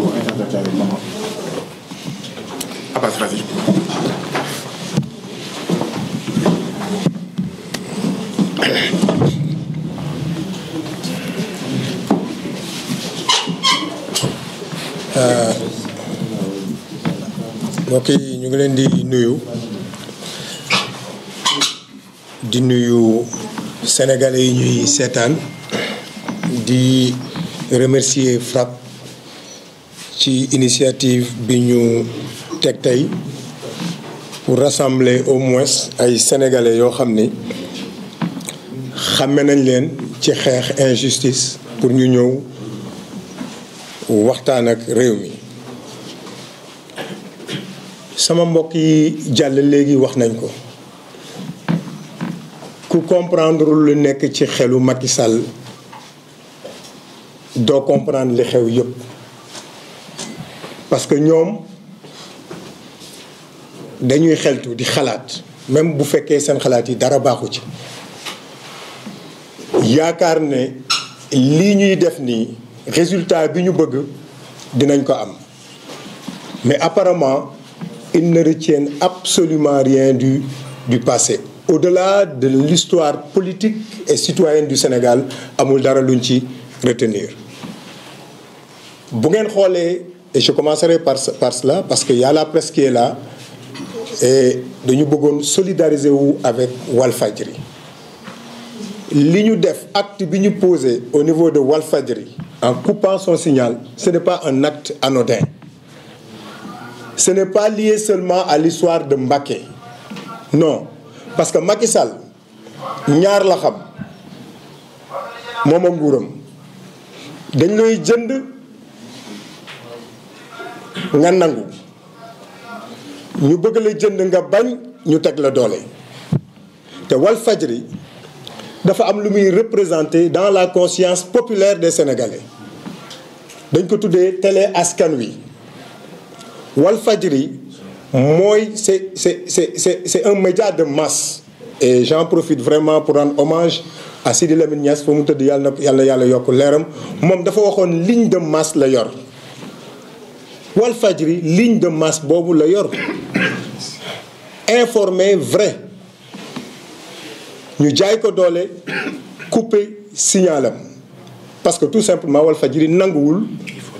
como interpretado äh, ñu ngi leen di nuyu di nuyu sénégalais yi ñuy seetaan di remercier FRAPP ci initiative bi ñu teg tey pour rassembler au moins ay sénégalais yoo xam ni xàmme nañ leen ci xeex injustice pour ñu ñëw waxtaan ak réew yi sama mbokk yi jàll léegi wax nañ ko ku comprendre lu nekk ci xelu Macky doo comprendre li xew yëpp parce que ñoom dañuy xeltu di xalaat même bu fekkee seen xalaat yi dara baaxu ci yaakaar ne lii ñuy def nii résultat bi ñu bëgg dinañ ko am mais apparemment ils ne retiennent absolument rien du du passé au-delà de l'histoire politique et citoyenne du Sénégal amul dara luñ ci retenir bu ngeen xoolee et je commencerai par par cela parce que y a la presse là et dañu bëggoon solidariser wu avec Walfadjri li ñu def acte bi ñu posé au niveau de Walfadjri en coupant son signal ce n'est pas un acte anodin ce n'est pas lié seulement à l'histoire de Mbacké non parce que Macky ñaar la xam moom a nguuram dañ lay jënd nga nangu ñu bëgg la jënd nga bañ ñu teg la doole te Walf Fadjri dafa am lu muy représenter dans la conscience populaire des Sénégalais dañ ko tuddee télé askan wi Walf Fadjri mooy c'est c'est c'est c'est un média de masse et j'en profite vraiment pour rendre hommage à Sidi Lamine Niass fa mu tëdd yàlla na yàlla yàlla yokk leeram moom dafa waxoon ligne de masse la yor Walfadjri ligne de masse boobu la yor informer vrai ñu jaay ko doole couper signalam parce que tout simplement Walfadjri nanguwul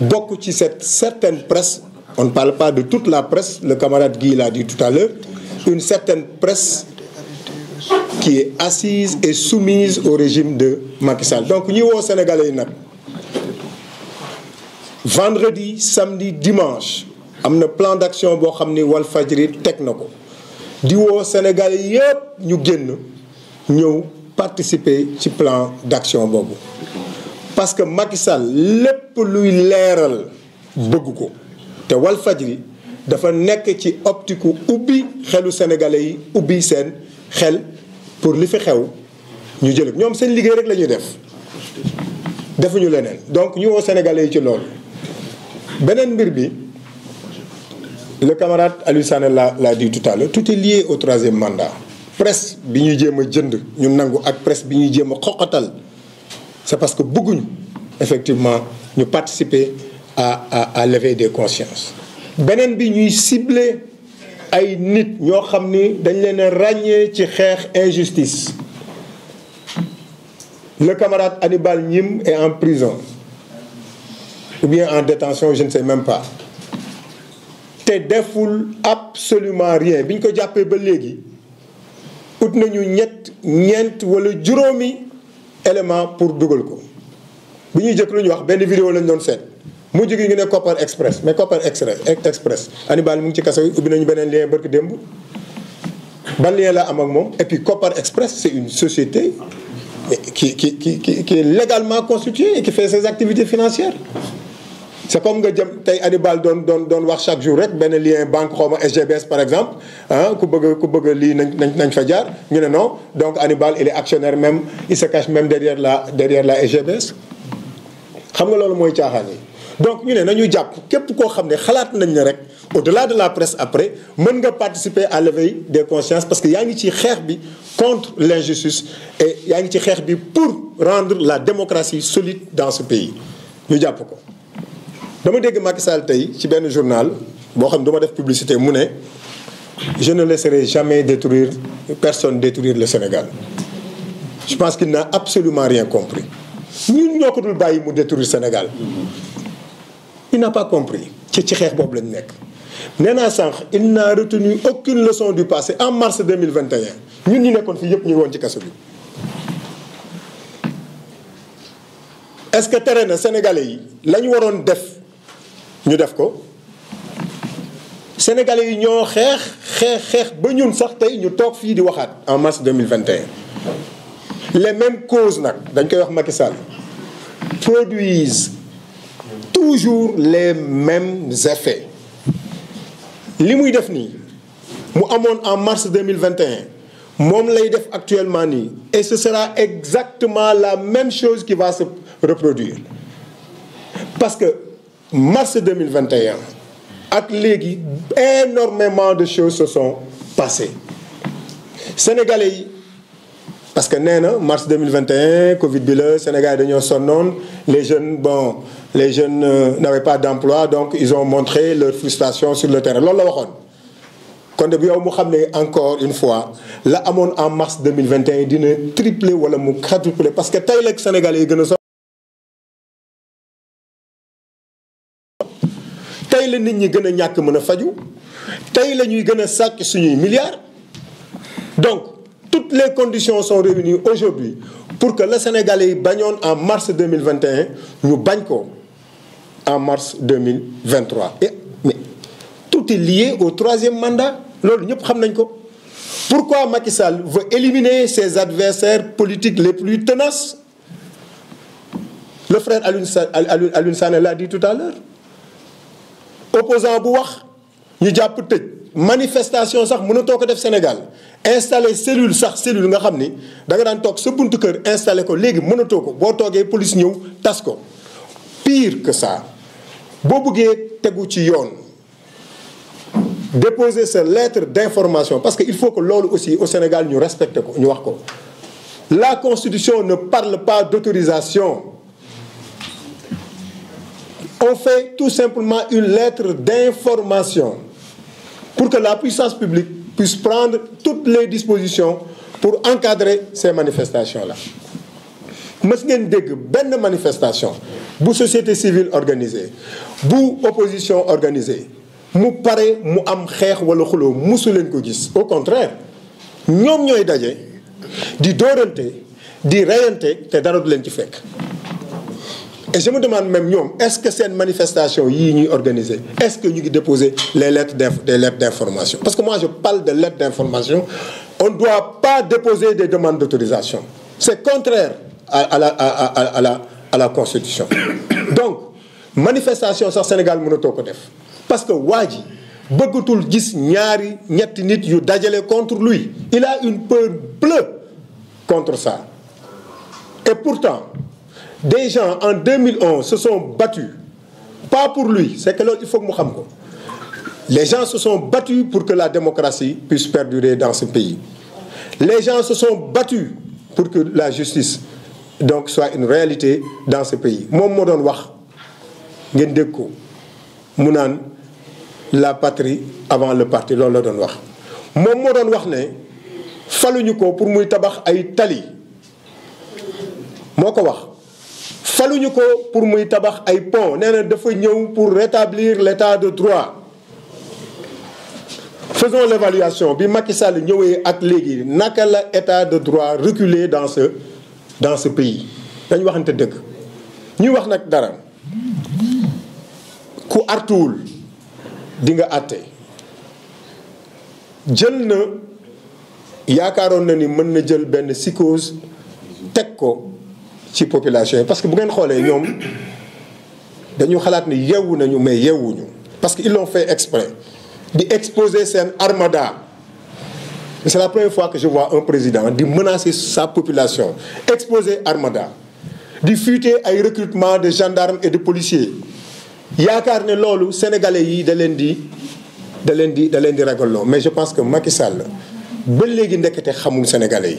bokk ci cette certaine presse on ne parle pas de toute la presse le camarade Guy l'a di tout à l'heure une certaine presse qui est assise et soumise au régime de Macky donc ñuy woo sénégalais yi nag vendredi samedi dimanche am na plan d'action boo xam ni Walfadjri teg na ko diwoo woo Sénégalais yépp ñu génn ñëw participer ci plan d'action boobu parce que Macky Sall lépp luy leeral bëgg ko te Walfadjri dafa nekk ci optiku ubbi xelu sénégalais yi ubbi seen xel pour li fi xew ñu jël ñoom seen liggéey rek lañuy def defuñu leneen donc ñu woo sénégalais yi ci loolu beneen mbir bi le camarade Aliou Sané la l'a dit tout à l'heure tout est lié au troisième mandat presse bi ñuy jéem a jënd ñu nangu ak presse bi ñuy jéem a xoqatal c'est parce que bëgguñu effectivement ñu participer à à à lever des consciences beneen bi ñuy cibler ay nit ñoo xam ni dañ leen a ràññee ci xeex injustice le camarade Hannibal Nyim est en prison ou bien en détention je ne sais même pas te deful absolument rien bi ñu ko jàppee ba léegi ut nañu ñett ñeent wala juróomi élément pour dugal ko bi ñuy jëkk lu ñu wax benn vidéo lañ doon seet mu jógi ngi ne Copper Express mais Copper Express Express Hannibal mu ngi ci kaso yi ubbi nañu beneen lien barki démb ban lien la am ak moom et puis Copper Express c'est une société qui qui qui qui est légalement constituée et qui fait activités financières c'est comme nga jëm tey Hannibal doon doon doon wax chaque jour rek benn lien banque xaw ma SGBS par exemple ah ku bëgg ku bëgg lii nañ nañ nañ fa jaar ñu ne non donc Hannibal il est actionnaire même il se cache même derrière la derrière la SGBS xam nga loolu mooy caaxaan yi donc ñu ne nañu jàpp képp koo xam ne xalaat nañ ne rek au-delà de la presse après mën nga participer à l'éveil des consciences parce que yaa ngi ci xeex bi contre l'injustice et yaa ngi ci xeex bi pour rendre la démocratie solide dans ce ñu jàpp ko dama dégg Macky Sall tey ci benn journal boo xam ne du def publicité mu ne je ne laisserai jamais détruire personne détruire le Sénégal je pense qu'il n'a absolument rien compris ñun ñoo ko dul bàyyi mu détruire Sénégal il n'a pas compris ci ci xeex boobu lañu nekk nee naa sànq il n'a retenu aucune leçon du passé en mars 2021 ñun ñu nekkoon fii yëpp ñu woon ci kaso bi est-ce que tere na sénégalais yi la ñu waroon def ñu def ko sénégalais yi ñoo xeex xeex xeex ba ñun sax tey ñu toog fii di waxaat en mars 2021 les mêmes causes nag dañ koy wax Macky Sall produisent toujours les mêmes effets li muy def nii mu amoon en mars 2021 moom lay def actuellement nii et ce sera exactement la même chose qui va se reproduire parce que mars 2021 ak léegi énormément de choses se sont passées sénégalais yi parce que nee na mars 2021 Covid bi la Sénégal dañoo sonnoon les jeune bon les jeune euh, n'avaient pas d'emploi donc ils ont montré leur frustration sur le terrain loolu la waxoon. kon de bu yow mu xam ne encore une fois la amoon en mars 2021 dina tripler wala mu quadrupler parce que tey la Sénégalais yi gën a so la nit ñi gën a ñàkk mën a faju tey la ñuy gën a sàcc suñuy milliards donc toutes les conditions sont réunies aujourd'hui pour que le Sénégalais yi bañoon en mars 2021 ñu bañ ko en mars 2023 et mais tout est lié au troisième mandat loolu ñëpp xam nañ ko pourquoi Macky Sall veut éliminer ses adversaires politiques les plus tenaces le frère Alioune Alioune Sané l'a dit tout à l'heure opposant bu wax ñu jàpp tëj manifestation sax mënatoo ko def Sénégal installé cellule sax cellule nga xam ni da nga daan toog sa buntu kër installé ko léegi mënatoo ko boo toogee police ñëw tas ko pire que ça boo buggee tegu ci yoon déposer sa lettre d'information parce que il faut que loolu aussi au Sénégal ñu respecté ko ñu wax ko la constitution ne parle pas d'autorisation on fait tout simplement une lettre d'information pour que la puissance publique puisse prendre toutes les dispositions pour encadrer ces manifestations la mës ngeen dégg benn manifestation bu société civile organisée bu opposition organisée mu pare mu am xeex wala xuloo musu leen ko gis au contraire ñoom ñooy daje di dóorante di reyante te dara du leen ci fekk et je me demande même ñoom est-ce que seen manifestation yii ñuy organiser est-ce que ñu ngi déposer les lettres des lettres d'information parce que moi je parle de lettres d'information on ne doit pas déposer des demandes d'autorisation c'est contraire à, la la à constitution donc manifestation sax Sénégal mënatoo ko def parce que waa ji bëggatul gis ñaari ñetti nit yu dajale contre lui il a une peur bleue contre ça et pourtant des gens en 2011 se sont battus pas pour lui c'est que loolu il faut mu xam ko les gens se sont battus pour que la démocratie puisse perdurer dans ce pays les gens se sont battus pour que la justice donc soit une réalité dans ce pays moom moo doon wax ngeen dégg ko mu naan la patrie avant le parti loolu la doon wax moom moo doon wax ne faluñu ko pour muy tabax ay tali moo ko wax faluñu ko pour muy tabax ay pont nee na dafa ñëw pour rétablir l'état de droit faisons l'évaluation bi Macky Sall ñëwee ak léegi naka la état de droit reculé dans ce dans ce pays dañ waxante dëkk ñuy wax nag dara ku artuwul dinga nga àtte jël na yaakaaroon na ni mën na jël benn psychose teg ko ci population yi parce que bu ngeen xoolee ñoom dañu xalaat ni yeewu nañu mais yeewuñu parce que ils l'ont fait exprès di exposer seen armada c'est la première fois que je vois un président di menacer sa population exposer armada di fuiter ay recrutement de gendarmes et de policiers yaakaar ne loolu sénégalais yi da leen di da leen di da leen di ragaloo mais je pense que Macky Sall ba léegi ndekete xamul sénégalais yi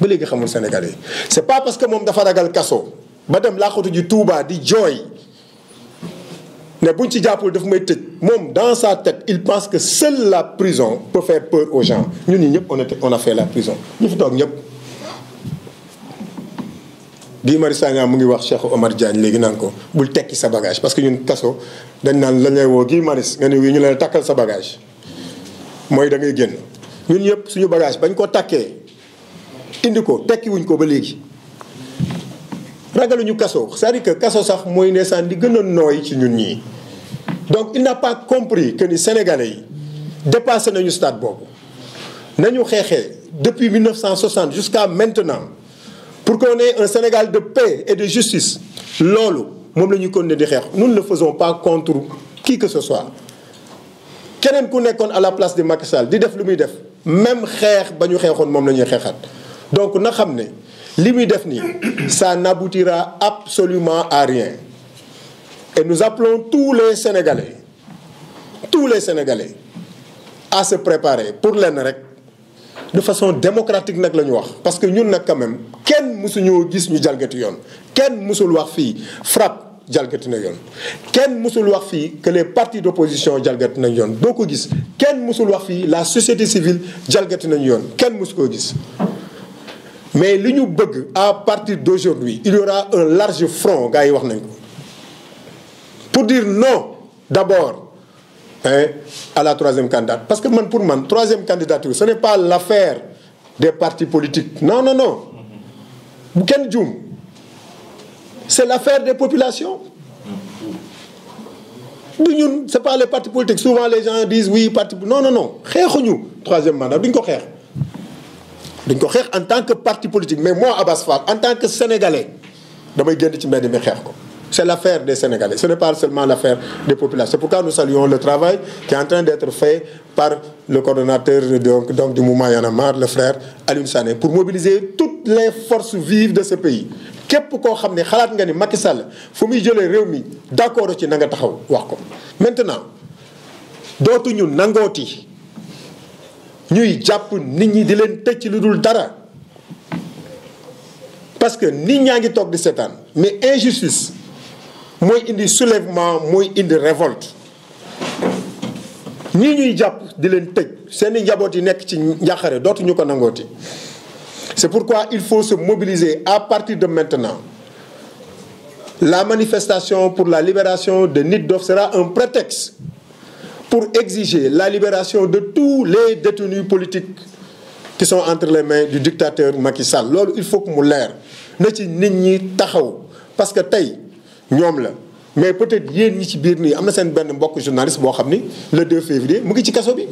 ba léegi xamul Sénégalais yi c'est pas parce que moom dafa ragal kaso ba dem laaxatu ji Touba di jooy ne buñ ci jàppul daf may tëj moom dans sa tête il pense que seule la prison peut faire peur aux gens ñun ñi ñëpp on a on a fait la prison ñu fi toog ñëpp. Guy Marius Sagna mu ngi wax Cheikh Omar Diagne léegi naan ko bul tekki sa bagage parce que ñun kaso dañ naan lañ lay woo Guy Marius nga ne wii ñu leen takkal sa bagage mooy da ngay génn ñun ñëpp suñu bagage bañ ko takkee. indi ko tekki ko ba léegi ragaluñu kaso cest à que kaso sax mooy ndeysaan di gën nooy ci ñun ñii donc il n'a pas compris que ni sénégalais yi dépassé nañu stade boobu nañu xeexee depuis 1960 jusqu'à maintenant pour qu'on ait un Sénégal de paix et de justice loolu moom la ñuy continuer di xeex nous ne le faisons pas contre qui que ce soit keneen ku nekkoon à la place de Macky di def lu muy def même xeex ba ñu xeexoon moom la ñuy xeexaat donc na xam ne li muy def nii ça n'aboutira absolument à rien et nous appelons tous les Sénégalais tous les Sénégalais à se préparer pour lenn rek de façon démocratique nag la ñu wax parce que ñun nag quand même kenn mësuñoo gis ñu jalgati yoon kenn mësul wax fii frappe jalgati na yoon kenn mësul wax fii que les partis d'opposition jalgati nañ yoon doo ko gis kenn mësul wax fii la société civile jalgati nañu yoon kenn mësu koo gis mais li ñu bëgg à partir d'aujourd'hui il y aura un large front gars yi wax nañ ko pour dire non d'abord hein, à la troisième candidature parce que man pour man troisième candidature ce n'est pas l'affaire des partis politiques non non non bu kenn juum c'est l'affaire des populations du ñun c'est pas les partis politiques souvent les gens disent oui parti non non non xeexuñu troisième mandat duñ ko xeex dañ ko xeex en tant que parti politique mais moi Abass Fall en tant que sénégalais damay génn ci mbedd mi xeex ko. c' est l' affaire des sénégalais ce n' est seulement l' affaire des populations c' est pourquoi nous saluons le travail qui est en train d' être fait par le coordonnateur donc donc du mouvement Y le frère Alioune Sané pour mobiliser toutes les forces vives de ce pays. képp koo xam ne xalaat nga ni Macky Sall fu muy jëlee réew mi d' accord ci na nga taxaw wax ko maintenant dootuñu nangooti. ñuy jàpp nit ñi di leen tëj ci lu dul dara parce que nit ñaa ngi toog di seetaan mais injustice mooy indi soulèvement mooy indi révolte ñii ñuy jàpp di leen tëj seeni njaboot yi nekk ci njàqare dootuñu ko yi c'est pourquoi il faut se mobiliser à partir de maintenant la manifestation pour la libération de Nit Doff sera un prétexte pour exiger la libération de tous les détenus politiques qui sont entre les mains du dictateur Macky Sall loolu il faut que mu leer na ci nit ñi taxaw parce que tey ñoom la mais peut-être yéen ñi ci biir nii am na seen benn mbokk journaliste boo xam ni le 2 février mu ngi ci kaso bi.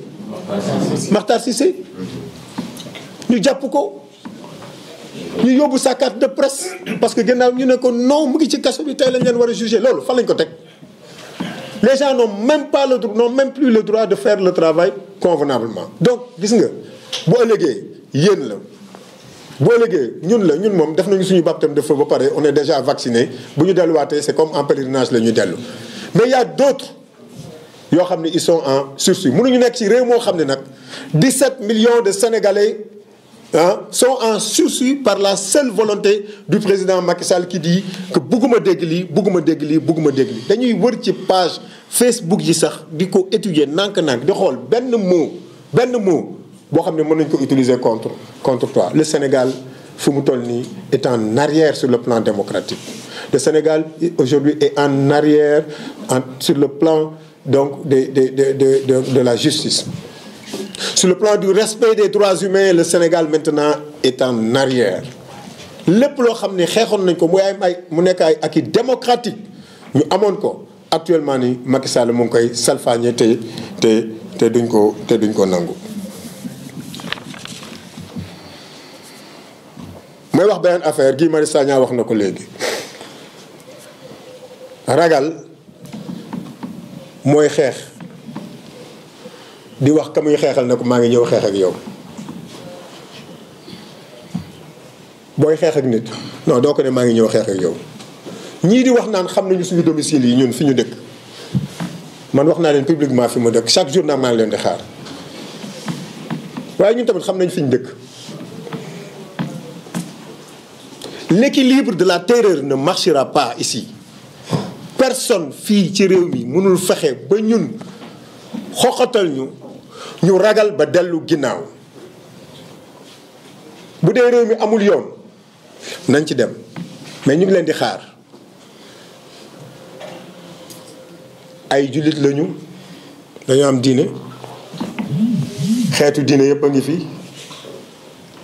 Makhtar Cissé ñu jàpp ko ñu yóbbu sa carte de presse parce que gannaaw ñu ne ko non mu ngi ci kaso bi tey lañ leen war a jugé loolu fan lañ ko teg. les gens n'ont même pas le n'ont même plus le droit de faire le travail convenablement donc gis nga bu ëllëgee yéen la bu ëllëgee ñun la ñun moom def nañu suñu baptême def feu ba pare on est déjà vacciné bu ñu delluwaatee c'est comme en pèlerinage la ñuy dellu mais il a d'autres yoo xam ne ils sont en sursis ñu nekk ci réew moo xam ne nag 17 millions de sénégalais. ah sont en sursis par la seule volonté du président Macky Sall di dit que bugguma dégli bugguma dégg dañuy wër ci page Facebook yi sax di ko étudier nànk-nànk di xool benn mot benn mot boo xam ne mën nañ ko utiliser contre contre toi le Sénégal fu mu toll nii est en arrière sur le plan démocratique le Sénégal aujourd'hui est en arrière en, sur le plan donc de de de de de, de la justice Sur le plan du respect des droits humains le Sénégal maintenant est en lépp loo xam ni xeexoon nañ ko muy ay ay mu nekk ay acquis démocratique ñu amoon ko actuellement ni Macky Sall mu ngi koy salfaañe te te te duñ ko te duñ ko nangu. mooy wax beneen affaire Guy Marius Sagna wax na ko léegi ragal mooy xeex. di wax ka muy xeexal ne ko maa ngi ñëw xeex ak yow booy xeex nit non doo ko ne maa ngi ñëw xeex ak yow ñii di wax naan xam nañu suñu domicile yi ñun fi ñu dëkk man wax naa leen publiquement fi ma dëkk chaque jour nag maa ngi leen di xaar waaye ñun tamit xam nañ fi ñu dëkk l'équilibre de la terreur ne marchera pas ici personne fii ci réew mi mënul fexe ba ñun xoxatal ñu ñu ragal ba dellu ginnaaw bu dee réew mi amul yoon nañ ci dem mais ñu ngi leen di xaar ay jullit lañu dañu am diine xeetu diine yëpp a ngi fi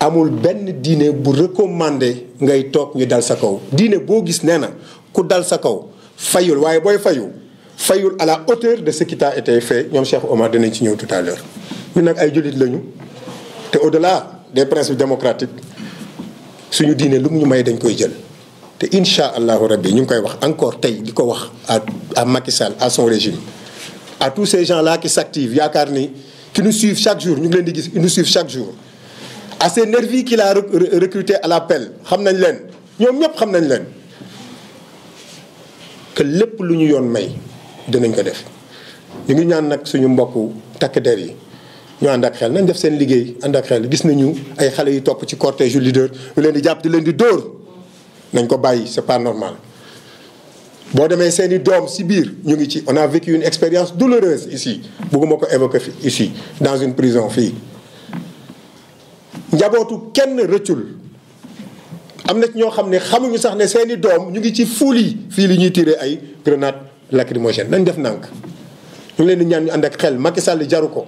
amul benn diine bu recommandé ngay toog ñu dal sa kow diine boo gis nee na ku dal sa kow fayul waaye booy fayu fayul à la hauteur de ce qui t'a été fait ñoom Cheikh Omar dinañ ci ñëw tout à ñun nag ay jullit lañu te au-delà de des principes démocratiques suñu diine lu mu ñu may dañ koy jël. te incha allahu rabbi ñu ngi koy wax encore tey di ko wax à à Macky à son régime à tous ces gens là qui s'activent yaakaar ni qui nous suivent chaque jour ñu ngi leen di gis nous suivent chaque jour. à ces nervis qu'il a recruté à l'appel xam nañ leen ñoom ñëpp xam nañ leen que lépp lu ñu yoon may dinañ ko def ñu ngi ñaan nag suñu mbokku takk der yi. ñu ànd ak xel nañ def seen liggéey ànd ak xel gis nañu ay xale yu topp ci cortège yu leader ñu leen di jàpp di leen di dóor nañ ko bàyyi c'est pas normal. boo demee seen i doom si biir ñu ngi ci on a vécu une expérience douloureuse ici bëgguma ko évoquer fi ici dans une prison fii njabootu kenn rëccul am na ñoo xam ne xamuñu sax ne seeni doom ñu ngi ci fuul yi fii li ñuy tiire ay grenade lacrymogène nañ def nànk ñu leen di ñaan ñu ànd ak xel Macky Sall jaru ko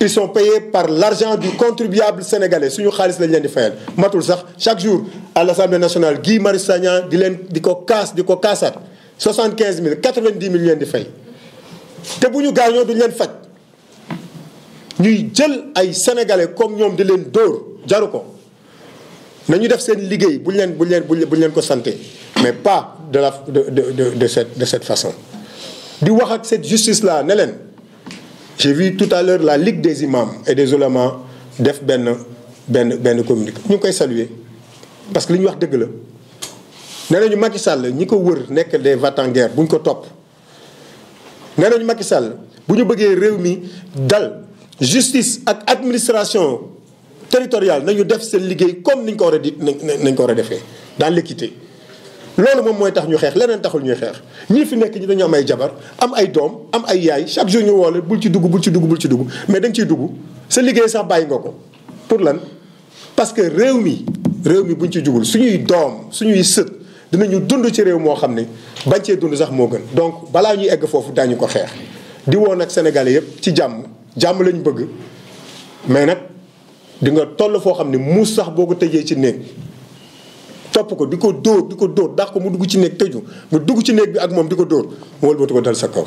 ils sont payés par l'argent du contribuable sénégalais suñu xaalis lañ leen di fayal matul sax chaque jour à l'Assemblée nationale Guy Marius Sagna di leen di ko kaas di ko kaasaat soixante-quinze mille quatre-vingt-dix mille leen di fay te bu ñu gaañoo duñ leen faj ñuy jël ay sénégalais comme ñoom di leen dóor jaru ko nañu def seen liggéey buñ leen bu leen bu leen ko santé mais pas de la de de de de cette de cette façon di wax ak cette justice la ne leen j'ai vu tout à l'heure la ligue des imams et des oulémas def benn benn benn communiqué ñu ngi koy saluer parce que li ñu wax dëgg la nee ñu Macky Sall ñi ko wër nekk des va bu ñu ko topp nee ñu Macky Sall bu ñu bëggee réew mi dal justice ak administration territoriale nañu def seen liggéey comme ni ñu ko war a di nañ ko war a defee dans l'équité loolu moom mooy tax ñu xeex leneen taxul ñuy xeex ñii fi nekk ñi dañu am ay jabar am ay doom am ay yaay chaque jour ñu woole bul ci dugg bul ci dugg bul ci dugg mais da nga ciy dugg sa liggéey sax bàyyi nga ko pour lan parce que réew mi réew mi buñ ci jugul suñuy doom suñuy sët dinañu dund ci réew moo xam ne bañ cee dund sax moo gën donc balaa ñuy egg foofu ñu ko xeex di woon ak sénégalais yëpp ci jàmm jàmm lañu bëgg mais nag di nga toll foo xam ne mus sax boo ko tëjee ci néeg topp ko di ko dóor di ko dóor daax ko mu dugg ci néeg tëju mu dugg ci néeg bi ak moom di ko dóor mu wëlbati ko dal sa kaw.